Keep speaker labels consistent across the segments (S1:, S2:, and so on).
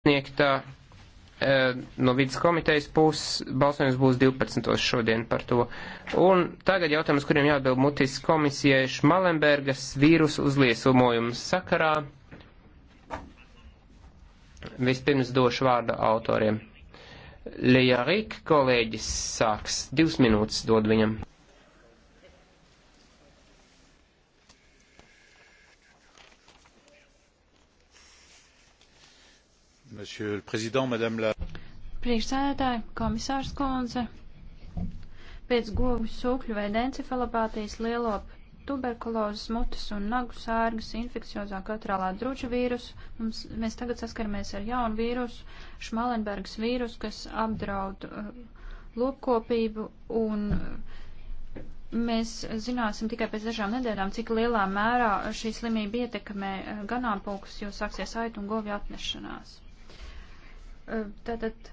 S1: sniegtā eh, no vidas komitejas puses balsojums būs 12. šodien par to. Un tagad jautājums, kuriem jāatbild mutis komisijai Šmalenbergas vīrusu uzliesumojumu sakarā. Vispirms došu vārdu autoriem. Lejārik kolēģis sāks. Divas minūtes dod viņam.
S2: Monsieur le Président, Madame la. Priekšsēdētāji, komisārs Konze, pēc govju sūkļu vai dencefalopātijas lielopu tuberkulozes, mutes un nagu sārgas, infekciozā katrālā druča vīrusu. Mums, mēs tagad saskaramies ar jaunu vīrusu, Šmalenbergs vīrusu, kas apdraud uh, lopkopību un uh, mēs zināsim tikai pēc dažām nedēļām, cik lielā mērā šī slimība ietekmē uh, ganāmpulkus, jo sāksies aitu un govju atnešanās. Eh, tātad,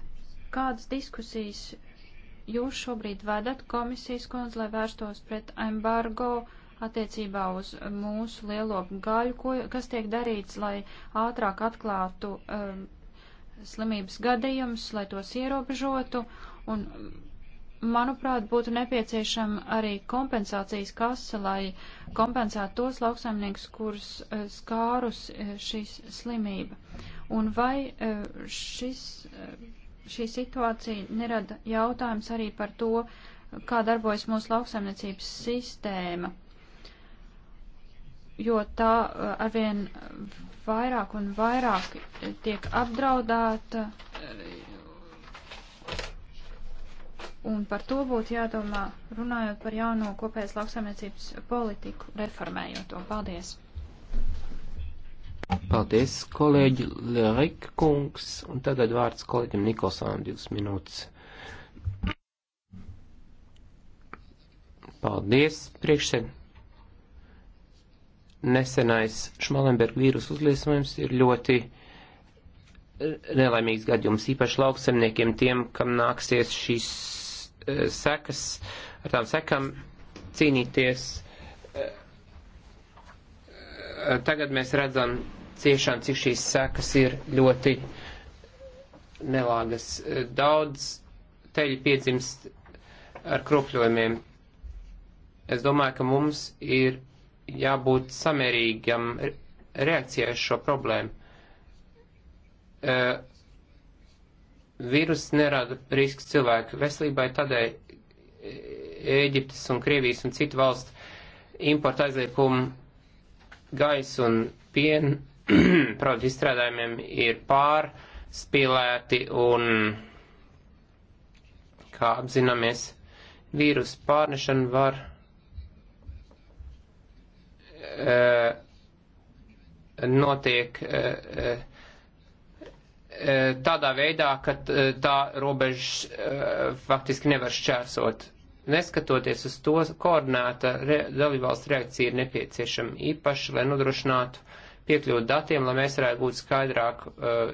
S2: kādas diskusijas jūs šobrīd vedat komisijas kundze, lai vērstos pret embargo attiecībā uz mūsu lielo gaļu, ko, kas tiek darīts, lai ātrāk atklātu um, slimības gadījumus, lai tos ierobežotu un manuprāt, būtu nepieciešama arī kompensācijas kasa, lai kompensētu tos lauksaimniekus, kurus eh, skārus eh, šīs slimība. Un vai eh, šis, eh, šī situācija nerada jautājums arī par to, kā darbojas mūsu lauksaimniecības sistēma, jo tā eh, arvien vairāk un vairāk tiek apdraudēta, un par to būtu jādomā, runājot par jauno kopējas lauksaimniecības politiku, reformējot to. Paldies!
S1: Paldies, kolēģi Lerika kungs, un tagad vārds kolēģim Nikolsām divas minūtes. Paldies, priekšsēd. Nesenais Šmalenberga vīrusu uzliesmojums ir ļoti nelaimīgs gadījums, īpaši lauksemniekiem, tiem, kam nāksies šīs e, sekas, ar tām sekām cīnīties. E, e, tagad mēs redzam ciešām, cik šīs sekas ir ļoti nelāgas. Daudz teļi piedzimst ar kropļojumiem. Es domāju, ka mums ir jābūt samērīgam reakcijai uz šo problēmu. Uh, e, Vīrus nerada risks cilvēku veselībai, tādēļ e, Ēģiptes un Krievijas un citu valstu importa aizliegumu gaisa un piena produktu izstrādājumiem ir pārspīlēti un, kā apzināmies, vīrusu pārnešana var uh, notiek uh, uh, tādā veidā, ka tā robeža faktiski nevar šķērsot. Neskatoties uz to, koordinēta re, dalībvalsts reakcija ir nepieciešama īpaši, lai nodrošinātu piekļūt datiem, lai mēs varētu būt skaidrāk uh,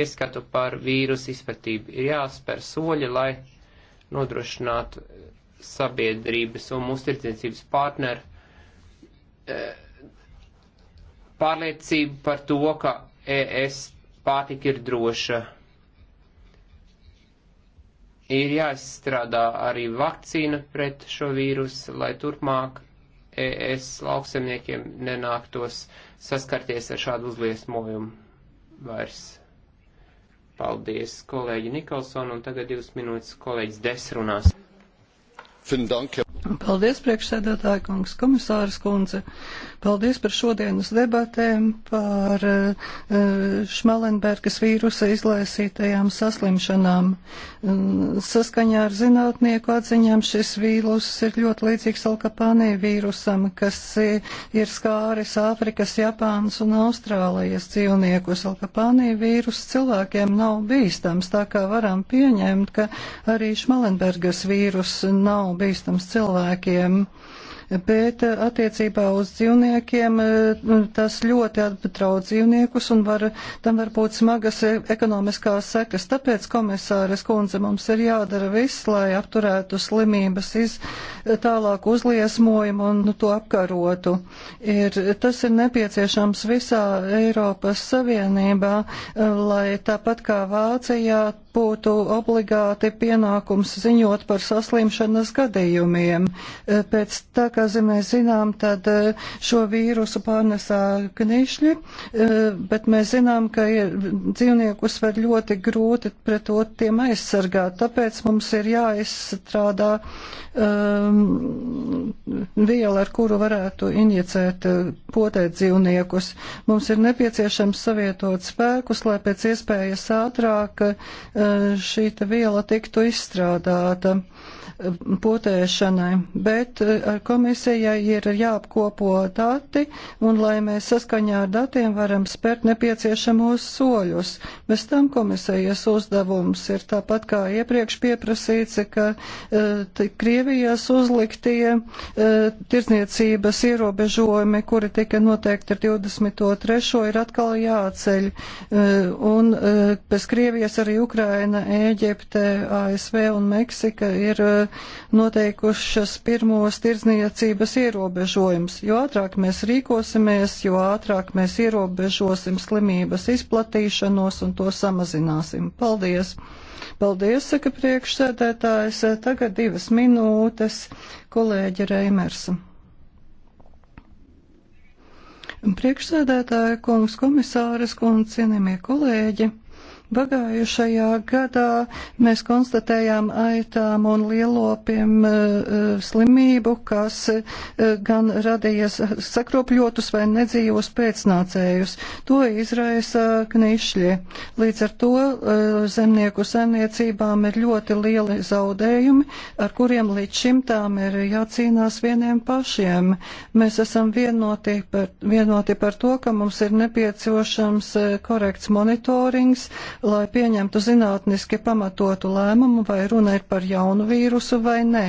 S1: ieskatu par vīrusu izplatību. Ir jāspēr soļi, lai nodrošinātu sabiedrības un mūsu tirdzniecības partneru uh, pārliecību par to, ka ES pārtika ir droša. Ir jāizstrādā arī vakcīna pret šo vīrusu, lai turpmāk ES lauksemniekiem nenāktos saskarties ar šādu uzliesmojumu vairs. Paldies, kolēģi Nikolson, un tagad divas minūtes kolēģis Des runās.
S3: Paldies,
S4: priekšsēdētāja kungs, komisāras kundze. Paldies par šodienas debatēm par Šmalenbergas eh, vīrusa izlaisītajām saslimšanām. Mm, saskaņā ar zinātnieku atziņām šis vīrus ir ļoti līdzīgs alkapānī vīrusam, kas eh, ir skāris Āfrikas, Japānas un Austrālijas dzīvniekus. Alkapānī vīrus cilvēkiem nav bīstams, tā kā varam pieņemt, ka arī Šmalenbergas vīrus nav bīstams cilvēkiem bet eh, attiecībā uz dzīvniekiem eh, tas ļoti apdraud dzīvniekus un var, tam var būt smagas e, ekonomiskās sekas. Tāpēc, komisāres kundze, mums ir jādara viss, lai apturētu slimības iz tālāku uzliesmojumu un to apkarotu. Ir, tas ir nepieciešams visā Eiropas Savienībā, eh, lai tāpat kā Vācijā būtu obligāti pienākums ziņot par saslimšanas gadījumiem. E, pēc tā, kā mēs zinām, tad e, šo vīrusu pārnesā knišļi, e, bet mēs zinām, ka ir, dzīvniekus var ļoti grūti pret to tiem aizsargāt. Tāpēc mums ir jāizstrādā um, viela, ar kuru varētu injicēt potēt dzīvniekus. Mums ir nepieciešams savietot spēkus, lai pēc iespējas ātrāk uh, šī viela tiktu izstrādāta potēšanai, bet eh, komisijai ir jāapkopo dati, un lai mēs saskaņā ar datiem varam spērt nepieciešamos soļus. Bez tam komisijas uzdevums ir tāpat kā iepriekš pieprasīts, ka eh, Krievijas uzliktie eh, tirdzniecības ierobežojumi, kuri tika noteikti ar 23. ir atkal jāceļ. Un bez Krievijas arī Ukraina, Ēģipte, ASV un Meksika ir noteikušas pirmos tirdzniecības ierobežojumus. Jo ātrāk mēs rīkosimies, jo ātrāk mēs ierobežosim slimības izplatīšanos un to samazināsim. Paldies! Paldies, saka priekšsēdētājs. Tagad divas minūtes kolēģi Reimers. Priekšsēdētāja kungs, komisāres kungs, cienījamie kolēģi. Pagājušajā gadā mēs konstatējām aitām un lielopiem eh, eh, slimību, kas eh, gan radīja sakropļotus vai nedzīvos pēcnācējus. To izraisa knišļi. Līdz ar to zemnieku saimniecībām ir ļoti lieli zaudējumi, ar kuriem līdz šim tām ir jācīnās vieniem pašiem. Mēs esam vienoti par, vienoti par to, ka mums ir nepieciešams korekts monitorings, lai pieņemtu zinātniski pamatotu lēmumu, vai runa ir par jaunu vīrusu vai nē.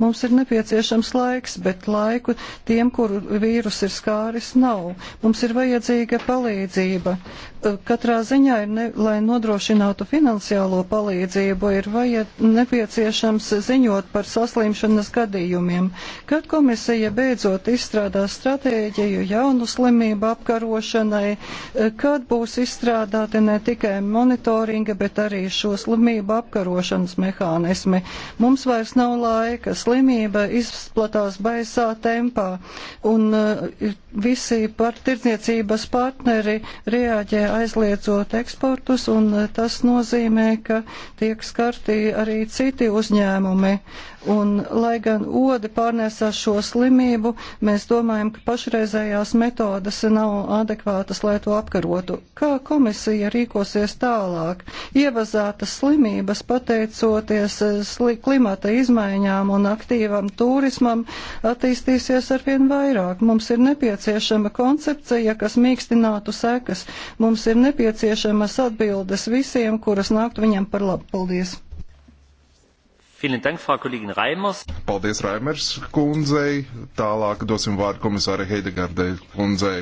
S4: Mums ir nepieciešams laiks, bet laiku tiem, kuru vīrus ir skāris, nav. Mums ir vajadzīga palīdzība. Uh, katrā ziņā, ne, lai nodrošinātu finansiālo palīdzību, ir vajad, nepieciešams ziņot par saslimšanas gadījumiem. Kad komisija beidzot izstrādās stratēģiju jaunu slimību apkarošanai, uh, kad būs izstrādāti ne tikai monitoringi, monitoringa, bet arī šo slimību apkarošanas mehānismi. Mums vairs nav laika, slimība izplatās baisā tempā, un e, visi par tirdzniecības partneri reaģē aizliedzot eksportus, un e, tas nozīmē, ka tiek skarti arī citi uzņēmumi. Un, lai gan odi pārnēsās šo slimību, mēs domājam, ka pašreizējās metodas nav adekvātas, lai to apkarotu. Kā komisija rīkosies tā, tālāk. Ievazātas slimības pateicoties eh, klimata izmaiņām un aktīvam turismam attīstīsies arvien vairāk. Mums ir nepieciešama koncepcija, kas mīkstinātu sekas. Mums ir nepieciešamas atbildes visiem, kuras nāktu viņam par labu. Paldies!
S3: Paldies Raimers kundzei. Tālāk dosim vārdu komisārai Heidegardai kundzei.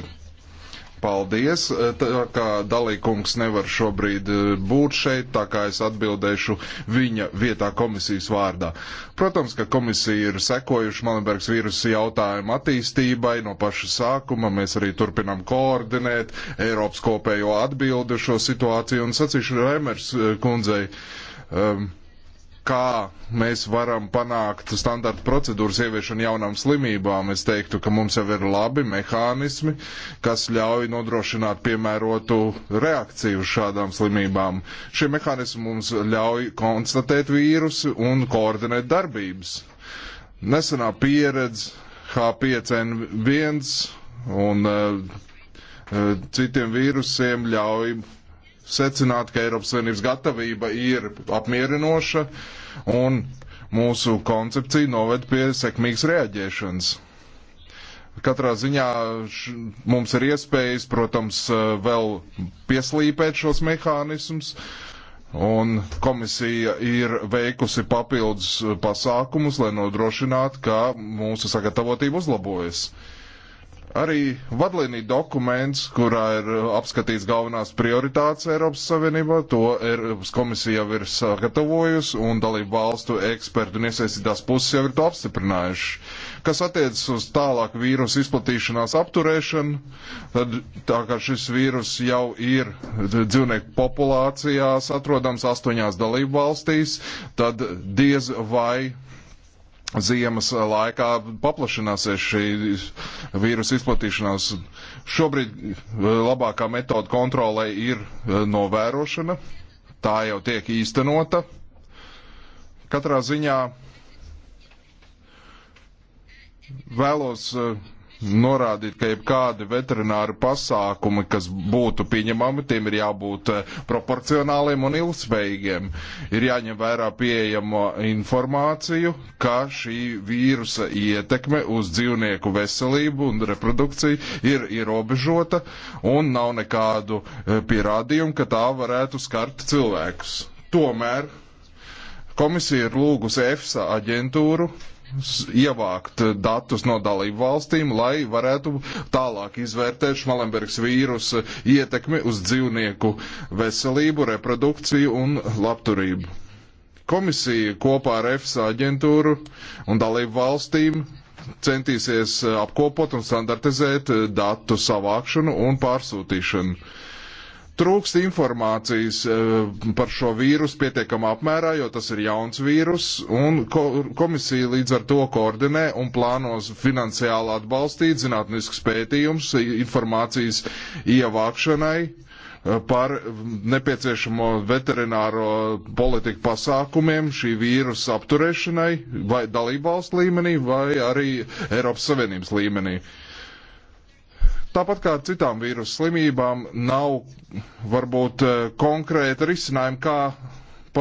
S3: Paldies, e, tā kā dalīkungs nevar šobrīd e, būt šeit, tā kā es atbildēšu viņa vietā komisijas vārdā. Protams, ka komisija ir sekojuši Malenbergs vīrusu jautājumu attīstībai no paša sākuma. Mēs arī turpinām koordinēt Eiropas kopējo atbildu šo situāciju un sacīšu Remers e, kundzei. Um, kā mēs varam panākt standarta procedūras ieviešanu jaunām slimībām. Es teiktu, ka mums jau ir labi mehānismi, kas ļauj nodrošināt piemērotu reakciju uz šādām slimībām. Šie mehānismi mums ļauj konstatēt vīrusu un koordinēt darbības. Nesenā pieredze H5N1 un uh, citiem vīrusiem ļauj secināt, ka Eiropas Savienības gatavība ir apmierinoša un mūsu koncepcija noved pie sekmīgas reaģēšanas. Katrā ziņā š, mums ir iespējas, protams, vēl pieslīpēt šos mehānismus, un komisija ir veikusi papildus pasākumus, lai nodrošinātu, ka mūsu sagatavotība uzlabojas. Uh, Arī vadlīnija dokuments, kurā ir uh, apskatīts galvenās prioritātes Eiropas Savienībā, to Eiropas komisija jau ir sagatavojusi un dalību valstu ekspertu un iesaistītās puses jau ir to apstiprinājuši. Kas attiecas uz tālāk vīrusu izplatīšanās apturēšanu, tad tā kā šis vīrus jau ir dzīvnieku populācijās atrodams astoņās dalību valstīs, tad diez vai ziemas laikā paplašināsies šī vīrusa izplatīšanās. Šobrīd eh, labākā metoda kontrolē ir eh, novērošana. Tā jau tiek īstenota. Katrā ziņā vēlos uh, norādīt, ka jebkādi veterināri pasākumi, kas būtu pieņemami, tiem ir jābūt eh, proporcionāliem un ilgspējīgiem. Ir jāņem vērā pieejamo informāciju, ka šī vīrusa ietekme uz dzīvnieku veselību un reprodukciju ir ierobežota un nav nekādu eh, pierādījumu, ka tā varētu skart cilvēkus. Tomēr komisija ir lūgusi EFSA aģentūru ievākt datus no dalību valstīm, lai varētu tālāk izvērtēt šmalembergs vīrusa ietekmi uz dzīvnieku veselību, reprodukciju un labturību. Komisija kopā ar EFSA aģentūru un dalību valstīm centīsies apkopot un standartizēt datu savākšanu un pārsūtīšanu Trūkst informācijas eh, par šo vīrusu pietiekamā apmērā, jo tas ir jauns vīrus, un komisija līdz ar to koordinē un plānos finansiāli atbalstīt zinātniskus pētījumus informācijas ievākšanai eh, par nepieciešamo veterināro politiku pasākumiem šī vīrusa apturēšanai vai dalībvalstu līmenī vai arī Eiropas Savienības līmenī. Uh, Tāpat kā citām vīrusu slimībām, nav varbūt eh, konkrēta risinājuma, kā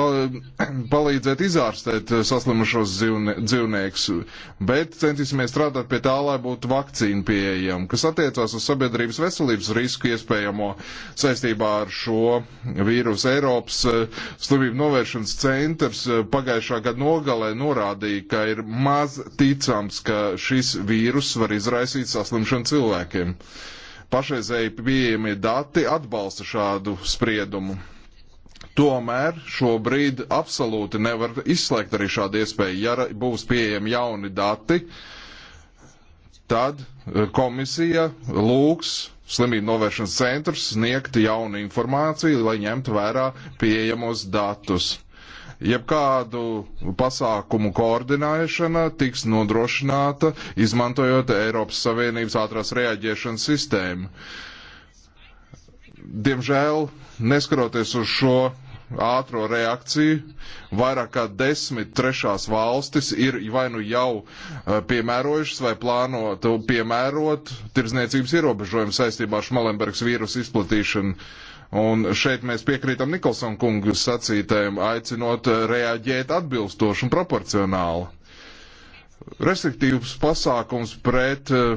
S3: palīdzēt izārstēt eh, saslimušos dzīvnie, dzīvniekus, bet centīsimies strādāt pie tā, lai būtu vakcīna pieejama, kas attiecās uz sabiedrības veselības risku iespējamo saistībā ar šo vīrusu. Eiropas eh, slimību novēršanas centrs eh, pagājušā gada nogalē norādīja, ka ir maz ticams, ka šis vīrus var izraisīt saslimšanu cilvēkiem. Pašreizēji pieejamie dati atbalsta šādu spriedumu. Tomēr šobrīd absolūti nevar izslēgt arī šādu iespēju. Ja būs pieejami jauni dati, tad eh, komisija lūgs slimību novēršanas centrs sniegt jaunu informāciju, lai ņemtu vērā pieejamos datus. Jebkādu pasākumu koordinēšana tiks nodrošināta, izmantojot Eiropas Savienības ātrās reaģēšanas sistēmu. Uh, Diemžēl, neskaroties uz šo ātro reakciju. Vairāk kā desmit trešās valstis ir vai nu jau eh, piemērojušas vai plāno piemērot tirdzniecības ierobežojumu saistībā ar Šmalenbergs vīrusu izplatīšanu. Un šeit mēs piekrītam Nikolson kungu sacītēm, aicinot eh, reaģēt atbilstoši un proporcionāli. Restriktīvs pasākums pret uh,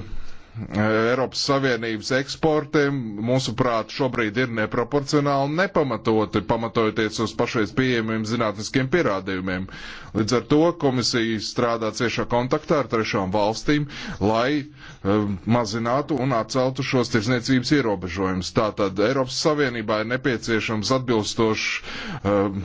S3: Eiropas Savienības eksportiem, mūsuprāt, šobrīd ir neproporcionāli un nepamatoti, pamatojoties uz pašreiz pieejamiem zinātniskiem pierādījumiem. Līdz ar to komisija strādā ciešā kontaktā ar trešām valstīm, lai um, mazinātu un atceltu šos tirsniecības ierobežojumus. Tātad Eiropas Savienībā ir nepieciešams atbilstošs um,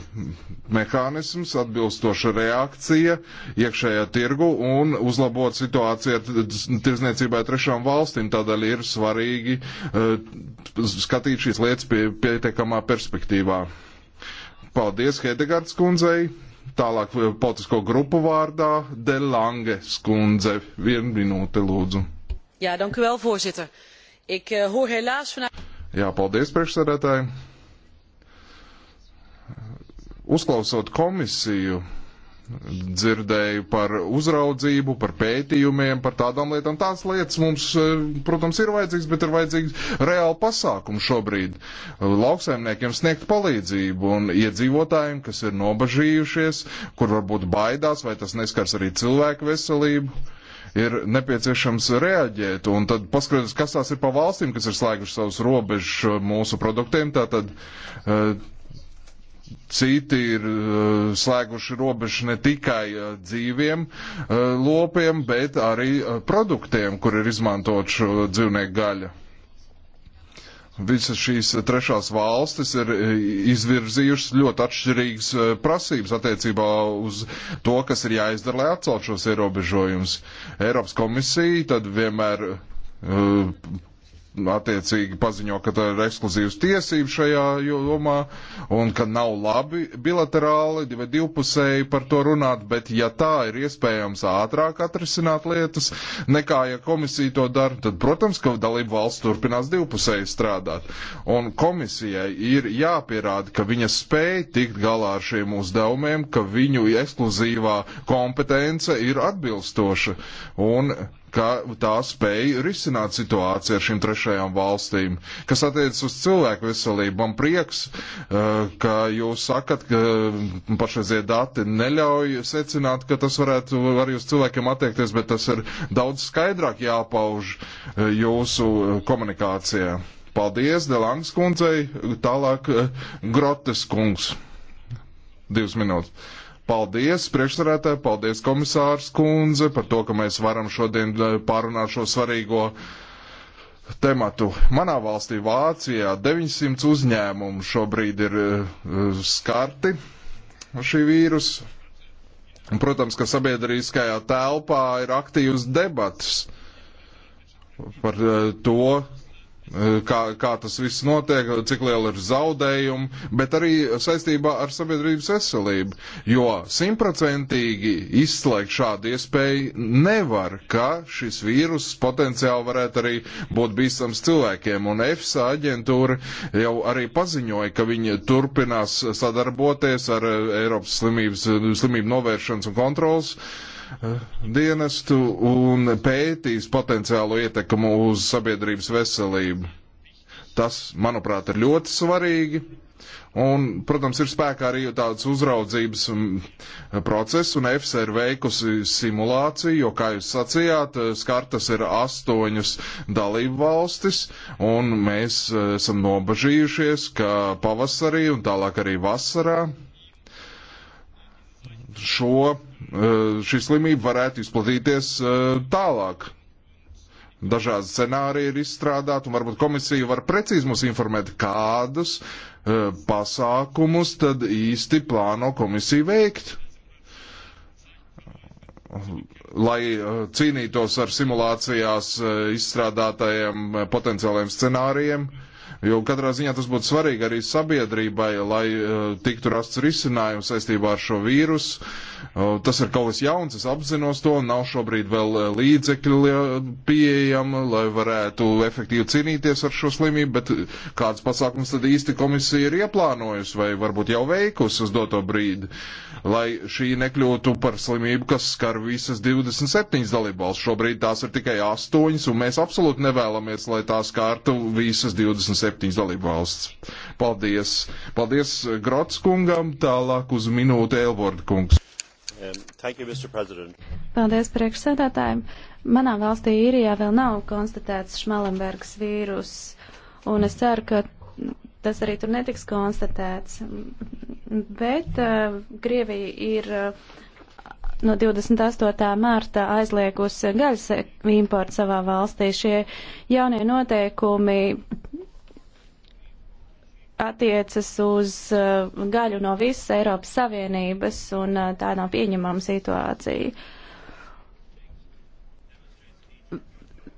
S3: mehānisms, atbilstoša reakcija iekšējā tirgu un uzlabot situāciju tirsniecībai trešām valstīm valstīm. Tādēļ ir svarīgi eh, skatīt šīs lietas pie, pietiekamā perspektīvā. Paldies Hedegards kundzei. Tālāk eh, politisko grupu vārdā Delange skundze. Vienu minūti lūdzu.
S2: Jā, dank u wel, voorzitter. Ik uh, hoor helaas vanuit.
S3: Jā, paldies priekšsēdētāji. Uzklausot komisiju, dzirdēju par uzraudzību, par pētījumiem, par tādām lietām. Tās lietas mums, eh, protams, ir vajadzīgas, bet ir vajadzīgs reāli pasākums šobrīd. Lauksaimniekiem sniegt palīdzību un iedzīvotājiem, kas ir nobažījušies, kur varbūt baidās, vai tas neskars arī cilvēku veselību ir nepieciešams reaģēt. Un tad paskatās, kas tās ir pa valstīm, kas ir slēguši savus robežus mūsu produktiem. Tātad eh, Citi ir uh, slēguši robežu ne tikai uh, dzīviem uh, lopiem, bet arī uh, produktiem, kur ir izmantot šo dzīvnieku gaļu. Visas šīs trešās valstis ir izvirzījušas ļoti atšķirīgas prasības attiecībā uz to, kas ir jāizdara, lai atcelt šos ierobežojumus. Eiropas komisija tad vienmēr uh, attiecīgi paziņo, ka tā ir ekskluzīvas tiesības šajā jomā un ka nav labi bilaterāli vai divpusēji par to runāt, bet ja tā ir iespējams ātrāk atrisināt lietas nekā, ja komisija to dara, tad, protams, ka dalību valsts turpinās divpusēji strādāt. Un komisijai ir jāpierāda, ka viņa spēja tikt galā ar šiem uzdevumiem, ka viņu ekskluzīvā kompetence ir atbilstoša. Un ka tā spēja risināt situāciju ar šīm trešajām valstīm. Kas attiecas uz cilvēku veselību, man prieks, uh, ka jūs sakat, ka pašreizie dati neļauj secināt, ka tas varētu arī uz cilvēkiem attiekties, bet tas ir daudz skaidrāk jāpauž uh, jūsu komunikācijā. Paldies Delangas kundzei, tālāk uh, Grotes kungs. Divas minūtes. Paldies, priekšsarētāji, paldies, komisārs Kunze, par to, ka mēs varam šodien eh, pārunāt šo svarīgo tematu. Manā valstī, Vācijā, 900 uzņēmumu šobrīd ir uh, skarti ar šī vīrusu. Un, protams, ka sabiedrīskajā telpā ir aktīvas debatas par uh, to, Eh, kā, kā tas viss notiek, cik liela ir zaudējuma, bet arī saistībā ar sabiedrības veselību. Jo simtprocentīgi izslēgt šādu iespēju nevar, ka šis vīrus potenciāli varētu arī būt bīstams cilvēkiem. Un EFSA aģentūra jau arī paziņoja, ka viņi turpinās sadarboties ar Eiropas slimības, slimību novēršanas un kontrolas uh, dienestu un pētīs potenciālo ietekmu uz sabiedrības veselību. Tas, manuprāt, ir ļoti svarīgi. Un, protams, ir spēkā arī tāds uzraudzības mm, process, un EFSA ir veikusi simulāciju, jo, kā jūs sacījāt, skartas ir astoņas dalību valstis, un mēs e, esam nobažījušies, ka pavasarī un tālāk arī vasarā šo Eh, šī slimība varētu izplatīties eh, tālāk. Dažādi scenāriji ir izstrādāti, un varbūt komisija var precīzi mums informēt, kādus eh, pasākumus tad īsti plāno komisija veikt lai cīnītos ar simulācijās izstrādātajiem potenciālajiem scenārijiem. Jo katrā ziņā tas būtu svarīgi arī sabiedrībai, lai eh, tiktu rasts risinājums saistībā ar šo vīrusu. Eh, tas ir kaut kas jauns, es apzinos to, nav šobrīd vēl eh, līdzekļi pieejama, lai varētu efektīvi cīnīties ar šo slimību, bet kāds pasākums tad īsti komisija ir ieplānojusi vai varbūt jau veikusi uz doto brīdi, lai šī nekļūtu par slimību, kas skar visas 27 dalībvalsts. Šobrīd tās ir tikai 8, un mēs absolūti nevēlamies, lai tās kārtu visas 27 dalībvalsts. Paldies! Paldies Grots kungam, tālāk uz minūti Elvorda kungs. Um, you,
S2: Paldies
S5: priekšsēdētājiem. Manā valstī īrijā vēl nav konstatēts Šmalenbergs vīrus, un es ceru, ka tas arī tur netiks konstatēts bet uh, Krievija ir uh, no 28. mārta aizliegusi gaļas importu savā valstī. Šie jaunie noteikumi attiecas uz uh, gaļu no visas Eiropas Savienības, un uh, tā nav pieņemama situācija.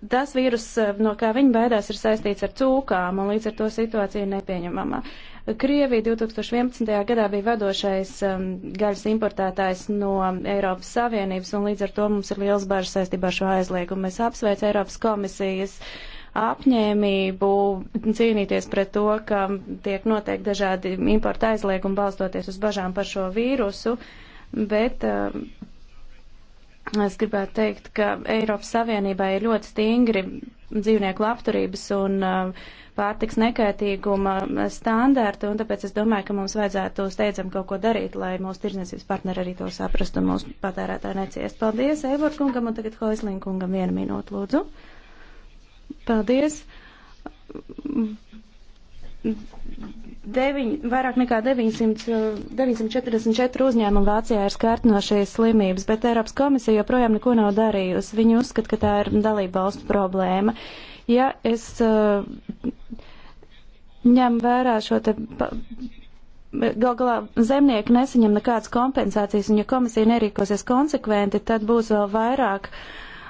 S5: Tas vīrus, uh, no kā viņi baidās, ir saistīts ar cūkām, un līdz ar to situācija ir nepieņemama. Uh, Krievija 2011. gadā bija vadošais um, gaļas importētājs no Eiropas Savienības, un līdz ar to mums ir liels bažas saistībā ar šo aizliegumu. Mēs apsveic Eiropas komisijas apņēmību cīnīties pret to, ka tiek noteikti dažādi importa aizliegumi balstoties uz bažām par šo vīrusu, bet um, es gribētu teikt, ka Eiropas Savienībai ir ļoti stingri dzīvnieku labturības un uh, pārtiks nekaitīguma standārtu, un tāpēc es domāju, ka mums vajadzētu steidzam kaut ko darīt, lai mūsu tirdzniecības partneri arī to saprastu un mūsu patērētāji neciest. Paldies, Eivor kungam, un tagad Hoislin kungam vienu minūtu, lūdzu. Paldies. Deviņ, vairāk nekā 900, 944 uzņēmumi Vācijā ir skārti no šīs slimības, bet Eiropas komisija joprojām neko nav darījusi. Viņi uzskata, ka tā ir dalība valstu problēma. Ja es uh, ņem vērā šo te. Pa, Gal galā zemnieki nesaņem nekādas kompensācijas, un ja komisija nerīkosies konsekventi, tad būs vēl vairāk uh,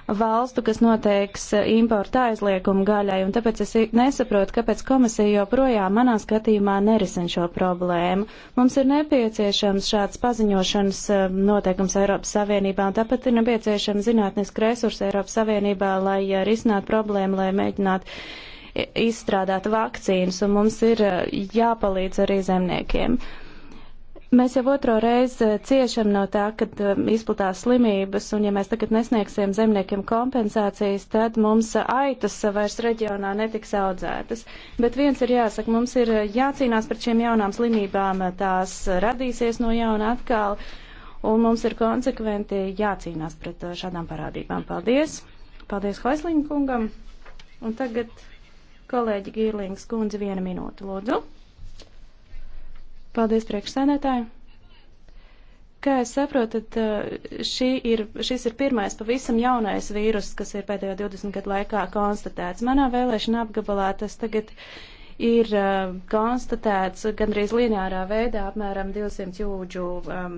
S5: valstu, kas noteiks eh, importu aizliegumu gaļai, un tāpēc es nesaprotu, kāpēc komisija joprojām manā skatījumā nerisin šo problēmu. Mums ir nepieciešams šāds paziņošanas eh, noteikums Eiropas Savienībā, un tāpat ir nepieciešams zinātniski resursi Eiropas Savienībā, lai eh, risinātu problēmu, lai mēģinātu izstrādāt vakcīnas, un mums ir jāpalīdz arī zemniekiem. Mēs jau otro reizi ciešam no tā, kad um, izplatās slimības, un ja mēs tagad nesniegsim zemniekiem kompensācijas, tad mums aitas vairs reģionā netiks audzētas. Bet viens ir jāsaka, mums ir jācīnās par šiem jaunām slimībām, tās radīsies no jauna atkal, un mums ir konsekventi jācīnās pret uh, šādām parādībām. Paldies! Paldies Hoislinga kungam! Un tagad kolēģi Gīrlings kundze viena minūte, lūdzu. Paldies, priekšsēdētāji. Kā es saprotu, tad eh, šī ir, šis ir pirmais pavisam jaunais vīrus, kas ir pēdējo 20 gadu laikā konstatēts. Manā vēlēšana apgabalā tas tagad ir uh, konstatēts gandrīz lineārā veidā apmēram 200 jūdžu um,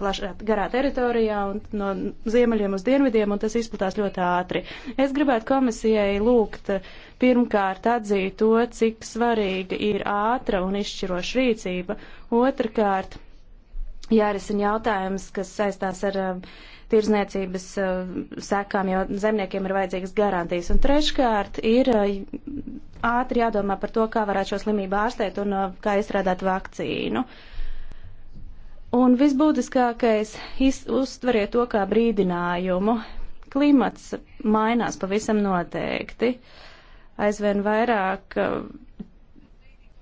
S5: plašā, garā teritorijā un no ziemeļiem uz dienvidiem, un tas izplatās ļoti ātri. Es gribētu komisijai lūgt uh, pirmkārt atzīt to, cik svarīga ir ātra un izšķiroša rīcība, otrkārt jārisina jautājums, kas saistās ar uh, tirzniecības uh, sekām, jo zemniekiem ir vajadzīgas garantijas. Un treškārt ir uh, ātri jādomā par to, kā varētu šo slimību ārstēt un kā izstrādāt vakcīnu. Un visbūtiskākais - uztveriet to kā brīdinājumu. Klimats mainās pavisam noteikti. Aizvien vairāk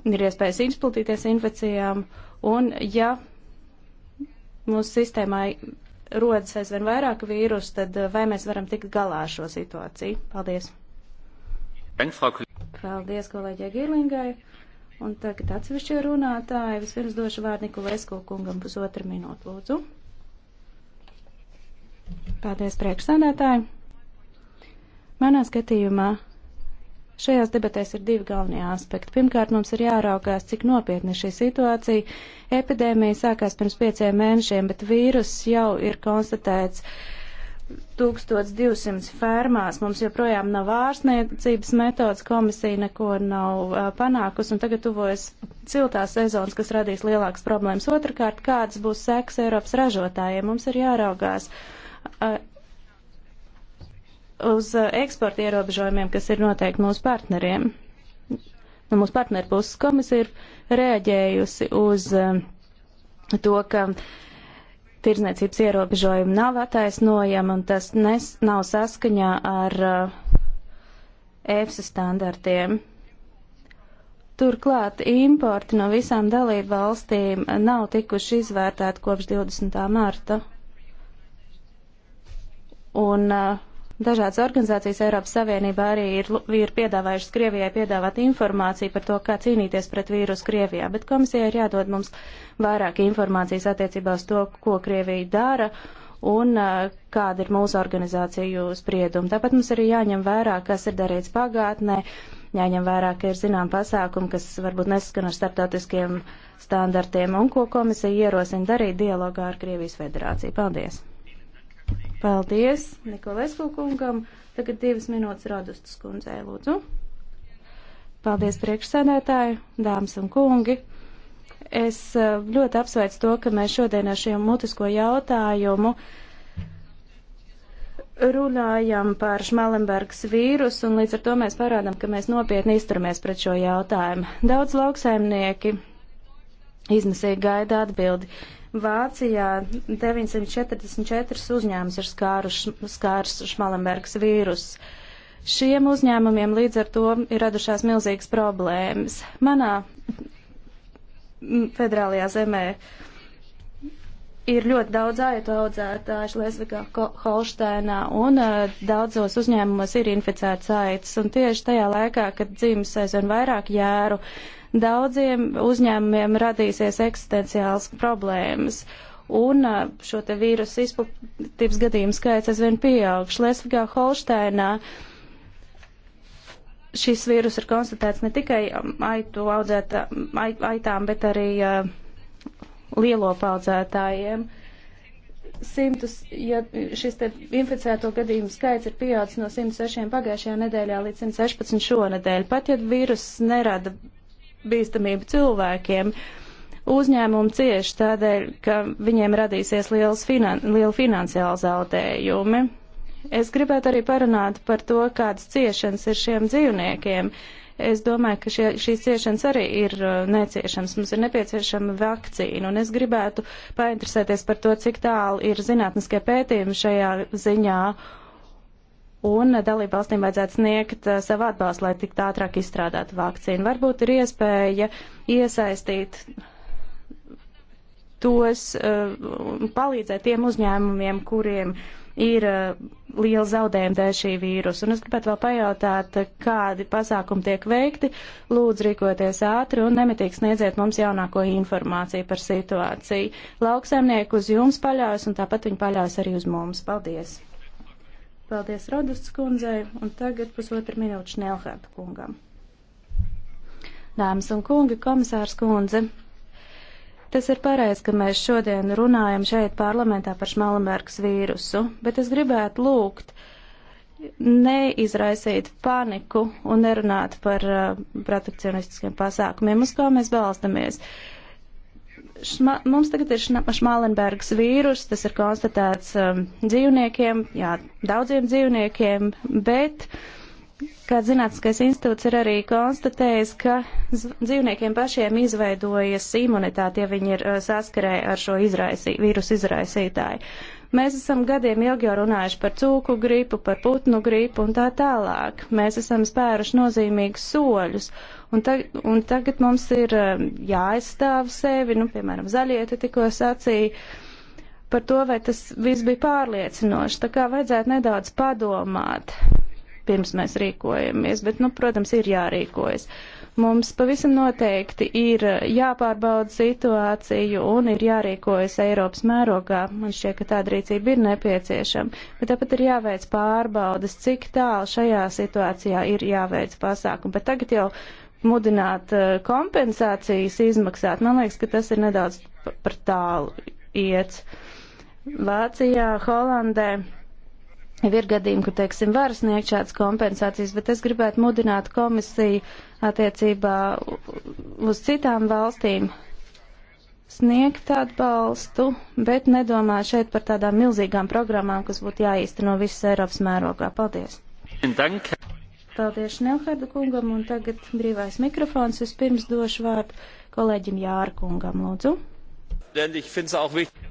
S5: ir iespējas izplatīties infekcijām, un ja mūsu sistēmai rodas aizvien vairāk vīrusu, tad eh, vai mēs varam tikt galā ar šo situāciju? Paldies! Paldies kolēģē Girlingai! Un tagad atsevišķie runātāji. Vispirms došu vārdu Nikolēsko kungam pusotru minūtu, lūdzu. Paldies priekšsēdētāji! Manā skatījumā Šajās debatēs ir divi galvenie aspekti. Pirmkārt, mums ir jāraugās, cik nopietni šī situācija. Epidēmija sākās pirms pieciem mēnešiem, bet vīrus jau ir konstatēts 1200 fermās. Mums joprojām nav ārstniecības metodas, komisija neko nav uh, panākusi, un tagad tuvojas ciltās sezonas, kas radīs lielākas problēmas. Otrakārt, kādas būs sekas Eiropas ražotājiem? Mums ir jāraugās. Uh, uz uh, eksporta ierobežojumiem, kas ir noteikti mūsu partneriem. No mūsu partneru puses komisija ir reaģējusi uz uh, to, ka tirdzniecības ierobežojumi nav attaisnojami un tas nes, nav saskaņā ar uh, EFSA standartiem. Turklāt importi no visām dalību valstīm nav tikuši izvērtēti kopš 20. marta. Un uh, Dažādas organizācijas Eiropas Savienībā arī ir, ir piedāvājušas Krievijai piedāvāt informāciju par to, kā cīnīties pret vīrusu Krievijā, bet komisijai ir jādod mums vairāk informācijas attiecībā uz to, ko Krievija dara un kāda ir mūsu organizāciju sprieduma. Tāpat mums arī jāņem vērā, kas ir darīts pagātnē, jāņem vērā, ka ir zinām pasākumi, kas varbūt nesaskan ar starptautiskiem standartiem un ko komisija ierosina darīt dialogā ar Krievijas federāciju. Paldies! Paldies Nikolēsku kungam. Tagad divas minūtes radustas kundzei, lūdzu. Paldies priekšsēdētāju, dāmas un kungi. Es eh, ļoti apsveicu to, ka mēs šodien ar šo mutisko jautājumu runājam par Šmalenbergs vīrusu, un līdz ar to mēs parādām, ka mēs nopietni izturamies pret šo jautājumu. Daudz lauksaimnieki izmisīgi gaida atbildi. Vācijā 944 uzņēmums ir skārus, skārs Šmalenbergs vīrus. Šiem uzņēmumiem līdz ar to ir radušās milzīgas problēmas. Manā federālajā zemē ir ļoti daudz aitu audzētāju Šlesvigā, Holšteinā, un uh, daudzos uzņēmumos ir inficēts aitas. Un tieši tajā laikā, kad dzims aizvien vairāk jēru, daudziem uzņēmumiem radīsies eksistenciāls problēmas. Un uh, šo te vīrusu izplatības gadījumu skaits aizvien pieaug. Šlesvigā, Holšteinā šis vīrus ir konstatēts ne tikai aitu audzētā, aitām, bet arī uh, lielo paudzētājiem. Simtus, ja šis te inficēto gadījumu skaits ir pieaudzis no 106 pagājušajā nedēļā līdz 116 šonadēļ, pat ja vīruss nerada bīstamību cilvēkiem, uzņēmumi cieši tādēļ, ka viņiem radīsies liels finan liela finansiāla zaudējumi. Es gribētu arī parunāt par to, kādas ciešanas ir šiem dzīvniekiem. Uh, es domāju, ka šie, šīs ciešanas arī ir uh, neciešams. Mums ir nepieciešama vakcīna, un es gribētu painteresēties par to, cik tālu ir zinātniskie pētījumi šajā ziņā, un dalību valstīm vajadzētu sniegt uh, savu atbalstu, lai tik ātrāk izstrādātu vakcīnu. Varbūt ir iespēja iesaistīt tos uh, palīdzēt tiem uzņēmumiem, kuriem ir uh, liela zaudējuma dēļ šī vīrusa. Un es gribētu vēl pajautāt, kādi pasākumi tiek veikti. Lūdzu, rīkojieties ātri un nemitīgi sniedziet mums jaunāko informāciju par situāciju. Lauksaimnieki uz jums paļaujas un tāpat viņi paļaujas arī uz mums. Paldies! Paldies Rodusts kundzei un tagad pusotru minūšu Nelhēta kungam. Dāmas un kungi, komisārs kundze, Tas ir pareizi, ka mēs šodien runājam šeit parlamentā par šmalamērks vīrusu, bet es gribētu lūgt neizraisīt paniku un nerunāt par uh, protekcionistiskiem pasākumiem, uz ko mēs balstamies. Šma, mums tagad ir šmalenbergs vīrus, tas ir konstatēts um, dzīvniekiem, jā, daudziem dzīvniekiem, bet uh, kā zinātniskais institūts ir arī konstatējis, ka dzīvniekiem pašiem izveidojas imunitāte, ja viņi ir saskarē ar šo izraisī, vīrusu izraisītāju. Mēs esam gadiem ilgi jau runājuši par cūku gripu, par putnu gripu un tā tālāk. Mēs esam spēruši nozīmīgus soļus, un, tag un tagad mums ir jāaizstāv sevi, nu, piemēram, zaļieti tikko sacīja par to, vai tas viss bija pārliecinoši. Tā kā vajadzētu nedaudz padomāt, pirms mēs rīkojamies, bet, nu, protams, ir jārīkojas. Mums pavisam noteikti ir jāpārbauda situāciju un ir jārīkojas Eiropas mērogā. Man šķiet, ka tāda rīcība ir nepieciešama, bet tāpat ir jāveic pārbaudas, cik tālu šajā situācijā ir jāveic pasākumi. Bet tagad jau mudināt eh, kompensācijas izmaksāt, man liekas, ka tas ir nedaudz par tālu iet. Vācijā, Holandē ir gadījumi, kur, teiksim, var sniegt šādas kompensācijas, bet es gribētu mudināt komisiju attiecībā uz citām valstīm sniegt atbalstu, bet nedomā šeit par tādām milzīgām programmām, kas būtu jāīsteno visas Eiropas mērogā. Paldies! Paldies Šnelharda kungam, un tagad brīvais mikrofons. Vispirms došu vārdu kolēģim Jāra kungam, lūdzu.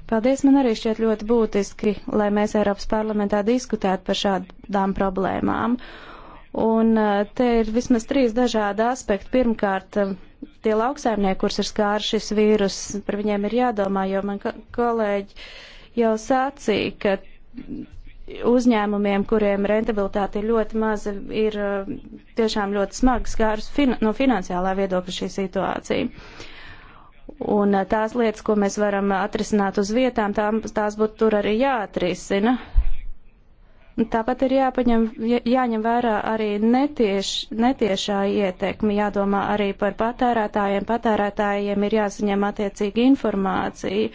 S5: Paldies, man arī šķiet ļoti būtiski, lai mēs Eiropas parlamentā diskutētu par šādām problēmām. Un eh, te ir vismaz trīs dažādi aspekti. Pirmkārt, eh, tie lauksaimnieki, kurus ir skārs šis vīrus, par viņiem ir jādomā, jo man kolēģi jau sacīja, ka uzņēmumiem, kuriem rentabilitāte ir ļoti maza, ir eh, tiešām ļoti smags skārs fin no finansiālā viedokļa šī situācija. Uh, Un eh, tās lietas, ko mēs varam atrisināt uz vietām, tā, tās būtu tur arī jāatrisina. Tāpat ir jāpaņem, jāņem vērā arī netieš, netiešā ietekme, jādomā arī par patērētājiem. Patērētājiem ir jāsaņem attiecīga informācija,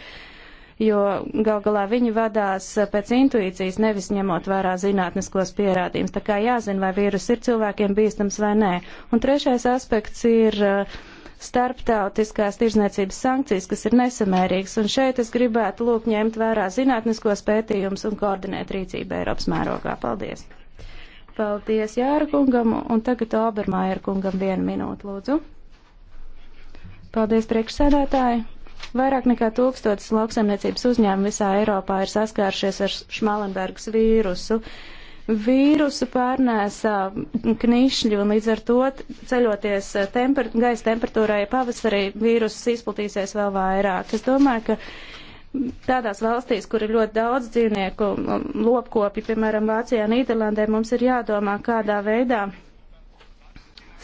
S5: jo gal galā viņi vadās eh, pēc intuīcijas, nevis ņemot vērā zinātniskos pierādījumus. Tā kā jāzina, vai vīrus ir cilvēkiem bīstams vai nē. Un trešais aspekts ir. Uh, starptautiskās tirzniecības sankcijas, kas ir nesamērīgas, un šeit es gribētu lūk ņemt vērā zinātniskos pētījumus un koordinēt rīcību Eiropas mērogā. Paldies! Paldies Jāra kungam, un tagad Obermājer kungam vienu minūtu, lūdzu. Paldies priekšsēdētāji! Vairāk nekā tūkstotis lauksaimniecības uzņēmumu visā Eiropā ir saskāršies ar Šmalenbergas vīrusu. Uh, vīrusu pārnēsā knišļi, un līdz ar to ceļoties temper, gaisa temperatūrai pavasarī vīrusus izplatīsies vēl vairāk. Es domāju, ka tādās valstīs, kur ir ļoti daudz dzīvnieku lopkopi, piemēram, Vācijā, Nīderlandē, mums ir jādomā, kādā veidā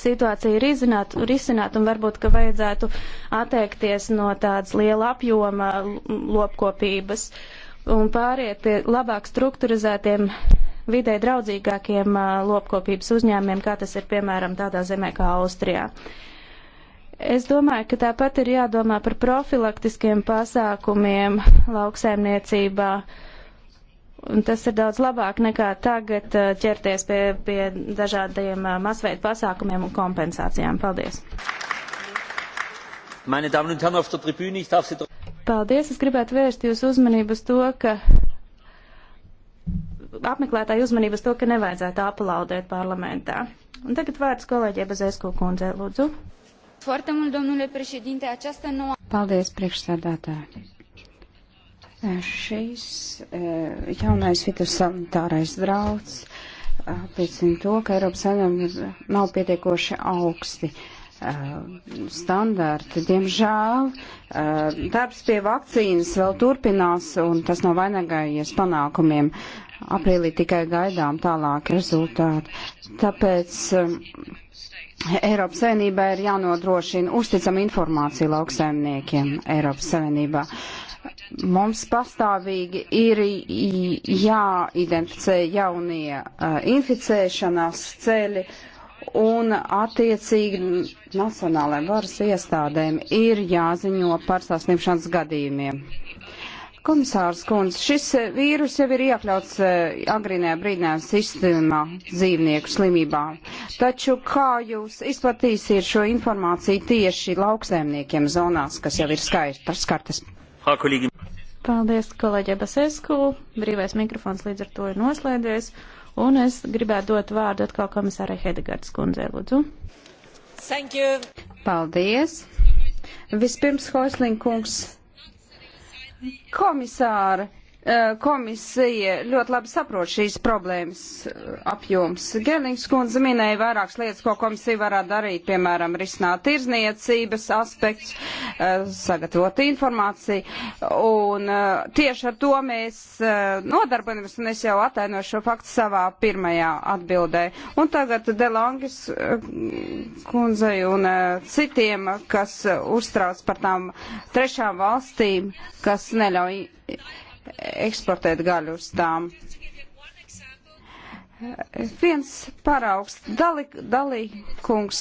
S5: situācija ir izzināt, risināt, un varbūt, ka vajadzētu atteikties no tādas liela apjoma lopkopības un pāriet pie labāk strukturizētiem vidē draudzīgākiem uh, lopkopības uzņēmiem, kā tas ir piemēram tādā zemē kā Austrijā. Es domāju, ka tāpat ir jādomā par profilaktiskiem pasākumiem lauksaimniecībā. Un tas ir daudz labāk nekā tagad uh, ķerties pie, pie dažādiem uh, masveidu pasākumiem un kompensācijām. Paldies!
S1: Meine Damen und Herren auf der Tribüne, ich darf Sie.
S5: Paldies! Es gribētu vērst jūsu uzmanību uz to, ka apmeklētāju uzmanības to, ka nevajadzētu aplaudēt parlamentā. Un tagad vārds kolēģie Bazēsku
S2: kundze, lūdzu.
S6: Paldies, priekšsēdētāji. Eh, šis eh, jaunais fitosanitārais drauds eh, apliecina to, ka Eiropas Savienība nav pietiekoši augsti standarti. Diemžēl darbs pie vakcīnas vēl turpinās, un tas nav vainagājies panākumiem aprīlī tikai gaidām tālāk rezultāti. Tāpēc um, Eiropas Savienībā ir jānodrošina uzticama informācija lauksaimniekiem Eiropas Savienībā. Mums pastāvīgi ir jāidentificē jaunie uh, inficēšanās ceļi un attiecīgi nacionālajiem varas iestādēm ir jāziņo par sasniegšanas gadījumiem. Uh, Komisārs Kunz, šis eh, vīrus jau ir iekļauts eh, agrīnajā brīdinājuma sistēmā dzīvnieku slimībām, taču kā jūs izplatīsiet šo informāciju tieši lauksēmniekiem zonās, kas jau ir skaistas kartas? Paldies, kolēģe Basesku. Brīvais mikrofons līdz ar to ir noslēdzies.
S5: Un es gribētu dot vārdu atkal komisārai Hedegardas kundzei, lūdzu.
S2: Thank you.
S6: Paldies. Vispirms, Hoisling kungs, Komisāri, Eh, komisija ļoti labi saprot šīs problēmas eh, apjoms. Gerlings kundze minēja vairākas lietas, ko komisija varētu darīt, piemēram, risināt tirzniecības aspekts, eh, sagatavot informāciju. Un tieši ar to mēs nodarbojamies, un es jau atainošu šo faktu savā pirmajā atbildē. Un tagad Delongis kundzei un citiem, kas uztrauc par tām trešām valstīm, kas neļauj eksportēt gaļu uz tām. Viens paraugs dalīkungs dalī,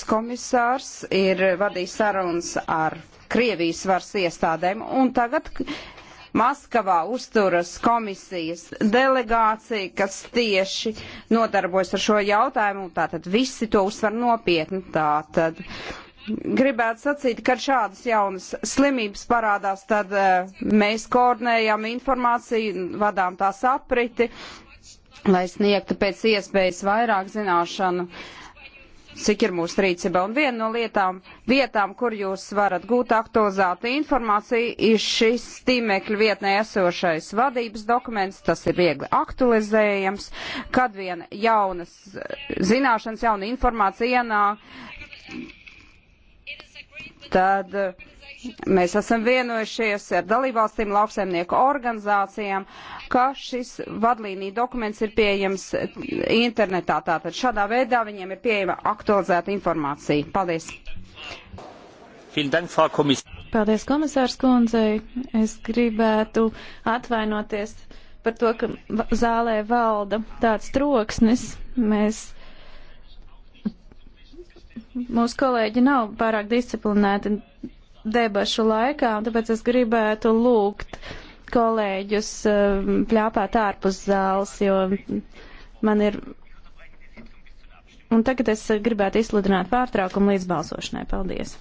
S6: komisārs ir vadījis sarunas ar Krievijas varas iestādēm, un tagad Maskavā uzturas komisijas delegācija, kas tieši nodarbojas ar šo jautājumu, tātad visi to uzsver nopietni. Tātad. Uh, gribētu sacīt, kad šādas jaunas slimības parādās, tad eh, mēs koordinējam informāciju, vadām tās apriti, lai sniegtu pēc iespējas vairāk zināšanu, cik ir mūsu rīcība. Un viena no lietām, vietām, kur jūs varat gūt aktualizētu informāciju, ir šis tīmekļa vietnē esošais vadības dokuments. Tas ir viegli aktualizējams, kad vien jaunas zināšanas, jauna informācija ienāk tad eh, mēs esam vienojušies ar dalībvalstīm, lauksaimnieku organizācijām, ka šis vadlīnija dokuments ir pieejams eh, internetā. Tātad šādā veidā viņiem ir pieejama aktualizēta informācija. Paldies! Paldies,
S5: komisārs kundzei. Es gribētu atvainoties par to, ka zālē valda tāds troksnis. Mēs mūsu kolēģi nav pārāk disciplinēti debašu laikā, un tāpēc es gribētu lūgt kolēģus um, pļāpāt ārpus zāles, jo man ir. Un tagad es gribētu izsludināt pārtraukumu līdz balsošanai. Paldies!